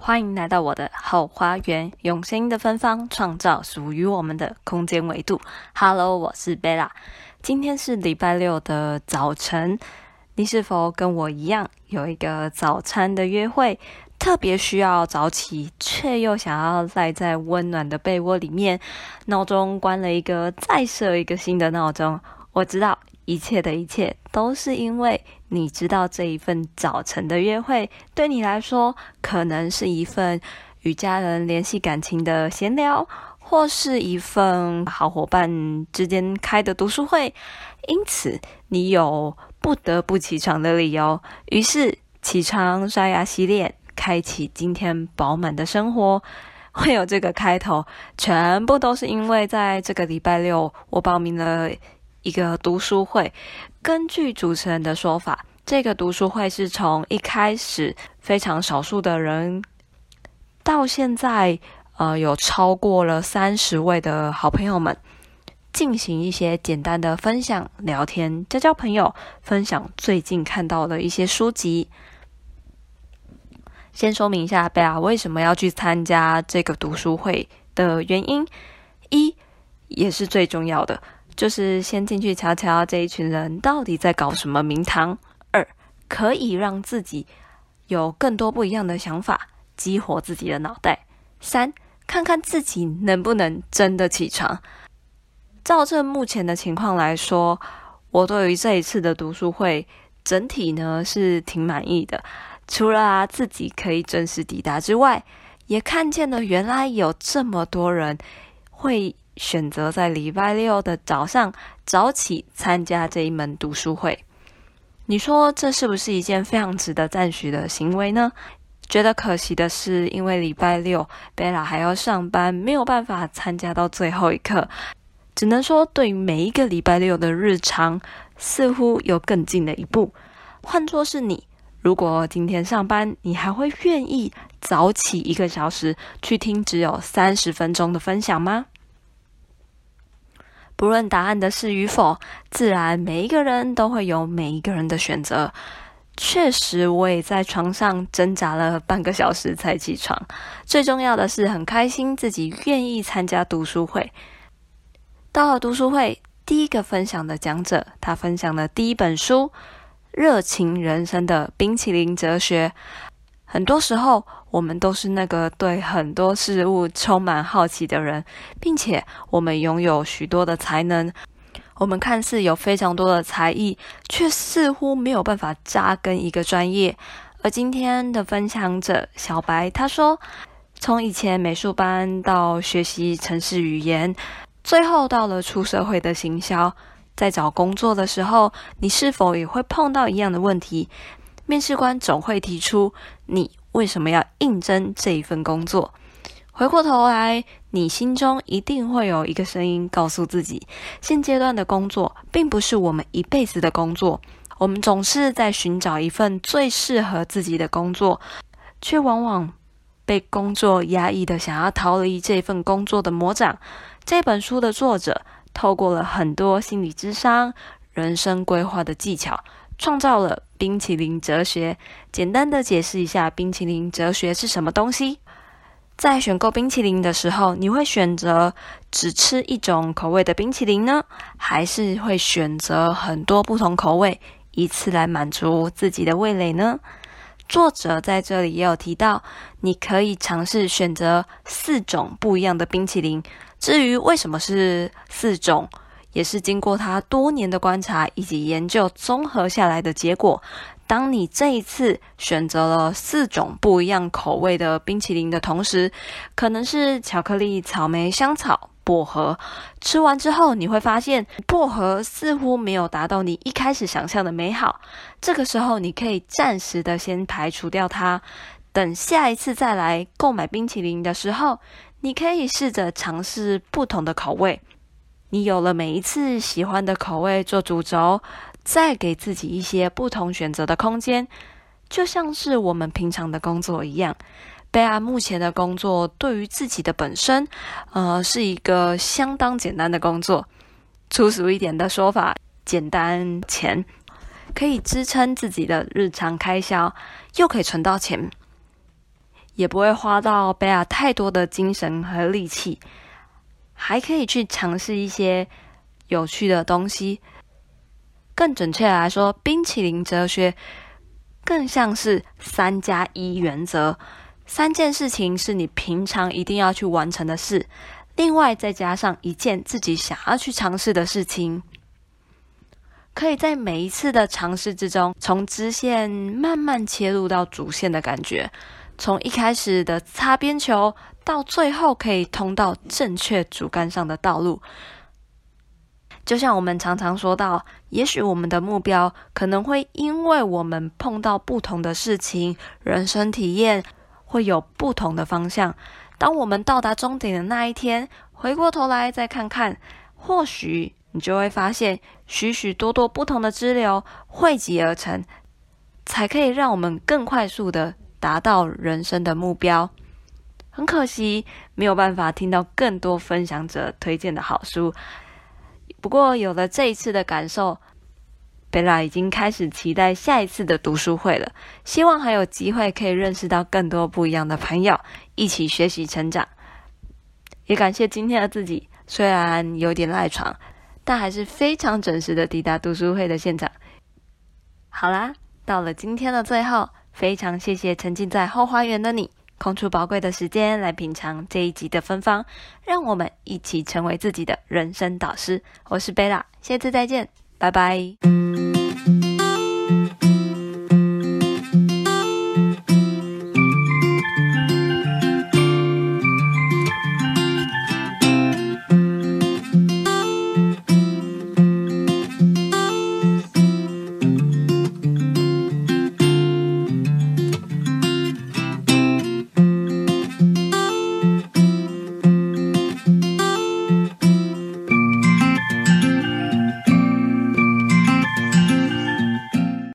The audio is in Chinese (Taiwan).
歡迎來到我的後花園，用聲音的芬芳創造屬於我們的空間維度。Hello，我是貝拉，今天是禮拜六的早晨，你是否跟我一樣有一個早餐的約會？特別需要早起，卻又想要賴在溫暖的被窩裡面，鬧鐘關了一個，再設一個新的鬧鐘。我知道。一切的一切都是因為你知道這一份早晨的約會，對你來說，可能是一份與家人聯繫感情的閒聊，或是一份好夥伴之間開的讀書會，因此你有不得不起床的理由。於是起床刷牙洗臉，開啟今天飽滿的生活。會有這個開頭，全部都是因為在這個禮拜六我報名了。一個讀書會，根據主持人的說法，這個讀書會是從一開始非常少數的人，到現在呃有超過了三十位的好朋友們，進行一些簡單的分享、聊天、交交朋友、分享最近看到的一些書籍。先說明一下貝兒為什麼要去參加這個讀書會的原因，一，也是最重要的。就是先進去瞧瞧這一群人到底在搞什麼名堂。二，可以讓自己有更多不一樣的想法，激活自己的腦袋。三，看看自己能不能真的起床。照這目前的情況來說，我對於這一次的讀書會整體呢是挺滿意的。除了、啊、自己可以準時抵達之外，也看見了原來有這麼多人會。選擇在禮拜六的早上早起參加這一門讀書會，你說這是不是一件非常值得讚許的行為呢？覺得可惜的是，因為禮拜六貝拉還要上班，沒有辦法參加到最後一刻。只能說，對於每一個禮拜六的日常，似乎有更近的一步。換作是你，如果今天上班，你還會願意早起一個小時去聽只有三十分鐘的分享嗎？不論答案的是與否，自然每一個人都會有每一個人的選擇。確實，我也在床上掙扎了半個小時才起床。最重要的是，很開心自己願意參加讀書會。到了讀書會，第一個分享的講者，他分享的第一本書《熱情人生的冰淇淋哲學》。很多時候，我們都是那個對很多事物充滿好奇的人，並且我們擁有許多的才能。我們看似有非常多的才藝，卻似乎沒有辦法扎根一個專業。而今天的分享者小白，他說：“從以前美術班到學習城市語言，最後到了出社會的行銷，在找工作的時候，你是否也會碰到一樣的問題？”面試官總會提出：“你為什麼要應徵這一份工作？”回過頭來，你心中一定會有一個聲音告訴自己：“現階段的工作並不是我們一輩子的工作。我們總是在尋找一份最適合自己的工作，卻往往被工作壓抑的想要逃離這份工作的魔掌。”這本書的作者透過了很多心理智商、人生規劃的技巧，創造了。冰淇淋哲學，簡單的解釋一下，冰淇淋哲學是什麼東西？在選購冰淇淋的時候，你會選擇只吃一種口味的冰淇淋呢？還是會選擇很多不同口味，以此來滿足自己的味蕾呢？作者在這裡也有提到，你可以嘗試選擇四種不一樣的冰淇淋。至於為什麼是四種？也是經過他多年的觀察以及研究綜合下來的結果。當你這一次選擇了四種不一樣口味的冰淇淋的同時，可能是巧克力、草莓、香草、薄荷。吃完之後，你會發現薄荷似乎沒有達到你一開始想象的美好。這個時候，你可以暫時的先排除掉它，等下一次再來購買冰淇淋的時候，你可以試着嘗試不同的口味。你有了每一次喜歡的口味做主軸，再給自己一些不同選擇的空間，就像是我們平常的工作一樣。貝兒目前的工作對於自己的本身，呃，是一個相當簡單的工作。粗俗一點的說法，簡單錢可以支撐自己的日常開銷，又可以存到錢，也不會花到貝兒太多的精神和力氣。還可以去嘗試一些有趣的東西。更準確的來說，冰淇淋哲學更像是三加一原則：三件事情是你平常一定要去完成的事，另外再加上一件自己想要去嘗試的事情，可以在每一次的嘗試之中，從支線慢慢切入到主線的感覺，從一開始的擦邊球。到最後可以通到正確主幹上的道路，就像我們常常說到，也許我們的目標可能會因為我們碰到不同的事情，人生體驗會有不同的方向。當我們到達終點的那一天，回過頭來再看看，或許你就會發現，許許多多不同的支流匯集而成，才可以讓我們更快速的達到人生的目標。很可惜，沒有辦法聽到更多分享者推薦的好書。不過，有了這一次的感受，貝拉已經開始期待下一次的讀書會了。希望還有機會可以認識到更多不一樣的朋友，一起學習成長。也感謝今天的自己，雖然有點賴床，但還是非常準時的抵達讀書會的現場。好啦，到了今天的最後，非常謝謝沉浸在 Hoo 花園的你。空出寶貴的時間來品嘗這一集的芬芳，讓我們一起成為自己的人生導師。我是貝拉，下次再見，拜拜。